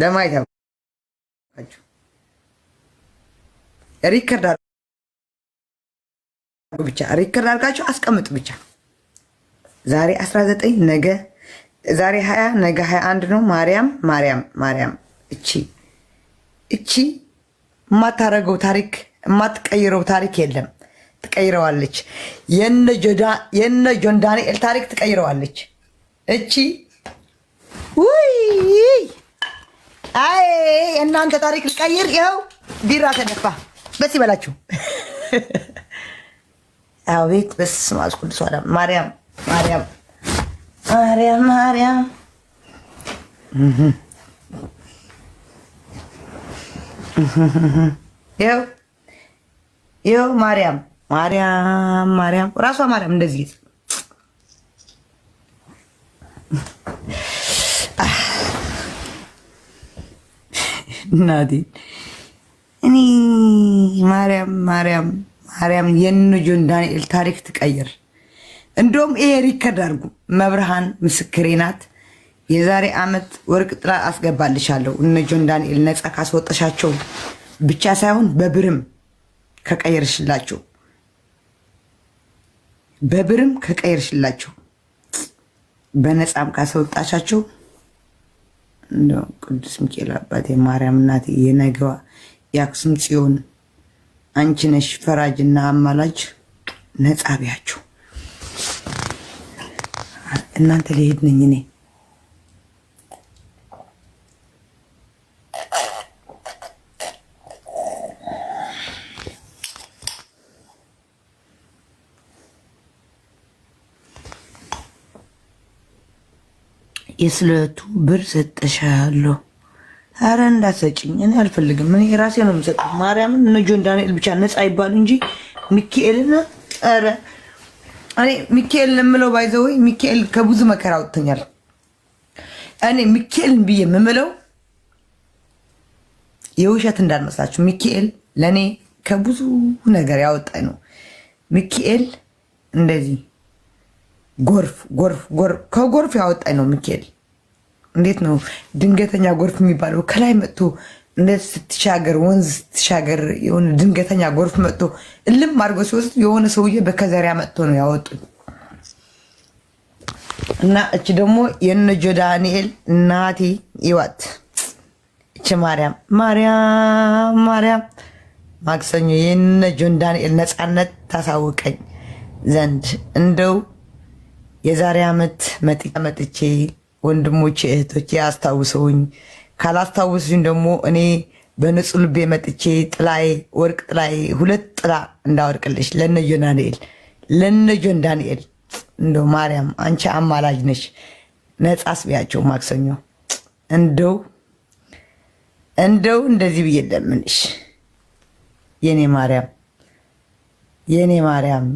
ለማየት ያውቃችሁ ሪከርድ ብቻ ሪከርድ አድርጋችሁ አስቀምጡ ብቻ። ዛሬ 19 ነገ ዛሬ 20 ነገ 21 ነው። ማርያም ማርያም ማርያም እቺ እቺ የማታረገው ታሪክ የማትቀይረው ታሪክ የለም። ትቀይረዋለች። የነ ጆን ዳንኤል ታሪክ ትቀይረዋለች። እቺ ውይ አይ እናንተ ታሪክ ልቀይር። ይኸው ቢራ ተደፋ። በስ ይበላችሁ። አቤት በስመ አብ ቅዱስ ማርያም ማርያም ማርያም ማርያም ይኸው ይኸው ማርያም ማርያም ማርያም ራሷ ማርያም እንደዚህ እናቴ እኔ ማርያም ማርያም ማርያም የንጁን ዳንኤል ታሪክ ትቀይር። እንደውም ይሄ ሪከርድ መብርሃን ምስክሬ ናት። የዛሬ ዓመት ወርቅ ጥላ አስገባልሻለሁ እነ ዳንኤል ነፃ ካስወጠሻቸው ብቻ ሳይሆን በብርም ከቀየርሽላቸው በብርም ከቀየርሽላቸው በነፃም ካስወጣሻቸው እንደው ቅዱስ ሚካኤል አባቴ ማርያም እናቴ የነገዋ የአክሱም ጽዮን አንቺ ነሽ ፈራጅና አማላጅ ነጻቢያችሁ። እናንተ ሊሄድ ነኝ እኔ። የስለቱ ብር ሰጠሻለሁ። አረ እንዳሰጭኝ እኔ አልፈልግም። እኔ ራሴ ነው የምሰጠ። ማርያምን እነ ጆን ዳንኤል ብቻ ነፃ ይባሉ እንጂ ሚካኤልና ረ እኔ ሚካኤል የምለው ባይዘወይ ሚካኤል ከብዙ መከራ አውጥተኛል። እኔ ሚካኤልን ብዬ የምምለው የውሸት እንዳልመስላችሁ ሚካኤል ለእኔ ከብዙ ነገር ያወጣኝ ነው። ሚካኤል እንደዚህ ጎርፍ ጎርፍ ጎርፍ ከጎርፍ ያወጣኝ ነው ሚካኤል። እንዴት ነው ድንገተኛ ጎርፍ የሚባለው? ከላይ መጥቶ እንደ ስትሻገር ወንዝ ስትሻገር የሆነ ድንገተኛ ጎርፍ መጥቶ እልም አድርጎ ሲወስድ የሆነ ሰውዬ በከዘሪያ መጥቶ ነው ያወጡኝ። እና እች ደግሞ የነጆ ዳንኤል እናቴ ይዋት እች ማርያም ማርያም ማርያም ማክሰኞ የነጆን ዳንኤል ነፃነት ታሳውቀኝ ዘንድ እንደው የዛሬ ዓመት መጥቼ መጥቼ ወንድሞቼ እህቶቼ አስታውሰውኝ ካላስታውሱኝ ደግሞ እኔ በንጹህ ልቤ መጥቼ ጥላይ ወርቅ ጥላይ ሁለት ጥላ እንዳወርቅልሽ ለነጆን ዳንኤል ለነጆን ዳንኤል እንደ ማርያም አንቺ አማላጅ ነሽ። ነጻ ስቢያቸው ማክሰኞ እንደው እንደው እንደዚህ ብዬ ለምንሽ የኔ ማርያም የኔ ማርያም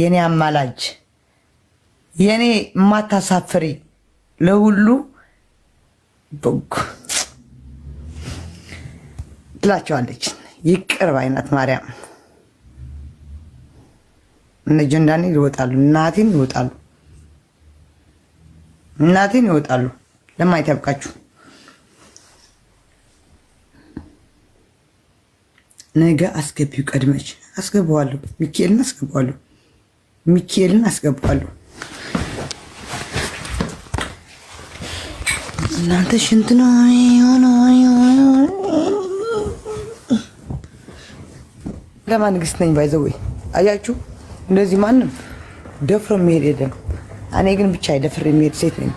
የኔ አማላጅ የኔ የማታሳፍሪ ለሁሉ በጎ ትላቸዋለች። ይቅር ባይናት ማርያም እነ ይወጣሉ፣ እናቴን ይወጣሉ፣ እናቴን ይወጣሉ። ለማየት ያብቃችሁ። ነገ አስገቢው ቀድመች አስገባዋለሁ። ሚካኤልን አስገባዋለሁ። ሚካኤልን አስገባዋለሁ። እናንተ ሽንት ነው ለማ ንግስት ነኝ ባይዘወይ አያችሁ፣ እንደዚህ ማንም ደፍሮ የሚሄድ የለም። እኔ ግን ብቻ ደፍሬ የሚሄድ ሴት ነኝ።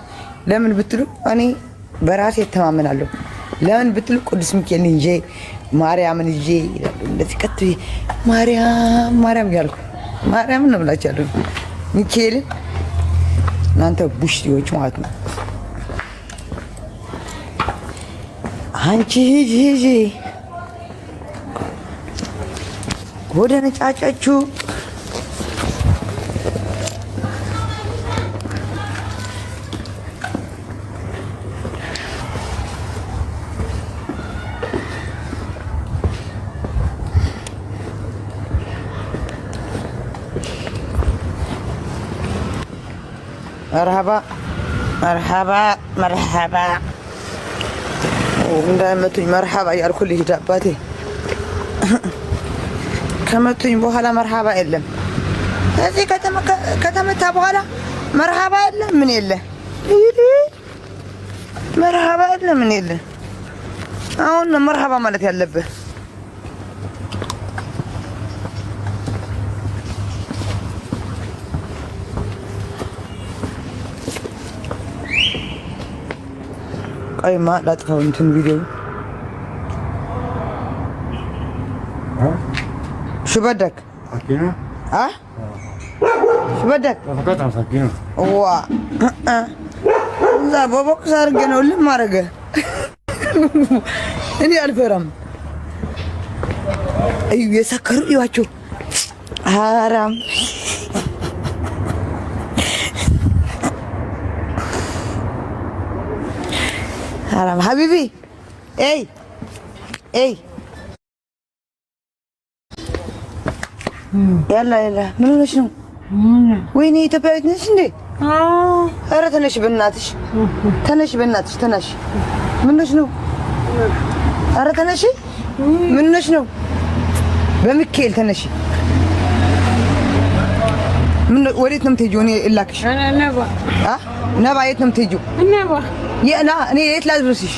ለምን ብትሉ እኔ በራሴ እተማመናለሁ። ለምን ብትሉ ቅዱስ ሚካኤል ይዤ ማርያምን ይዤ እንደዚህ ቀጥ ማርያም ማርያም እያልኩ ማርያምን ነው ብላችሁ ያሉ ሚካኤልን እናንተ ቡሽዎች ማለት ነው። አንቺ ወደ ነጫጫችሁ مرحبا مرحبا مرحبا እንዳይመቱኝ መርሃባ እያልኩ ልሂድ። አባቴ ከመቱኝ በኋላ መርሃባ የለም። እዚህ ከተመታ በኋላ መርሃባ የለም። ምን የለ መርሃባ የለ ምን የለ። አሁን መርሃባ ማለት ያለብህ Ayma, laat gaan we een video. شو بدك؟ سكينة؟ ها؟ شو بدك؟ قطعة سكينة هو لا بابا صار قنا ولا ما رقى እኔ አልፈራም። እዩ የሰከሩ እዩዋቸው አራም আরাম হাবিবি এই এই يلا يلا من شنو ويني تبعتنيش እንዴ ኧረ ተነሽ በእናትሽ ተነሽ በእናትሽ ተነሽ ምንሽ ነው ኧረ ተነሽ ምንሽ ነው በሚካኤል ተነሽ ምን ወዴት ነው የምትሄጂው? እኔ እላክሽ። ነባ ነባ፣ የት ነው የምትሄጂው? ነባ የና እኔ የት ላድርስሽ?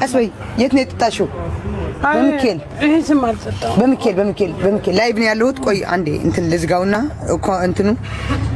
ቀስ በይ። የት ነው የጠጣሽው? በሚካኤል በሚካኤል በሚካኤል በሚካኤል ላይቭ ነው ያለሁት። ቆይ አንዴ እንትን ልዝጋውና እንትኑ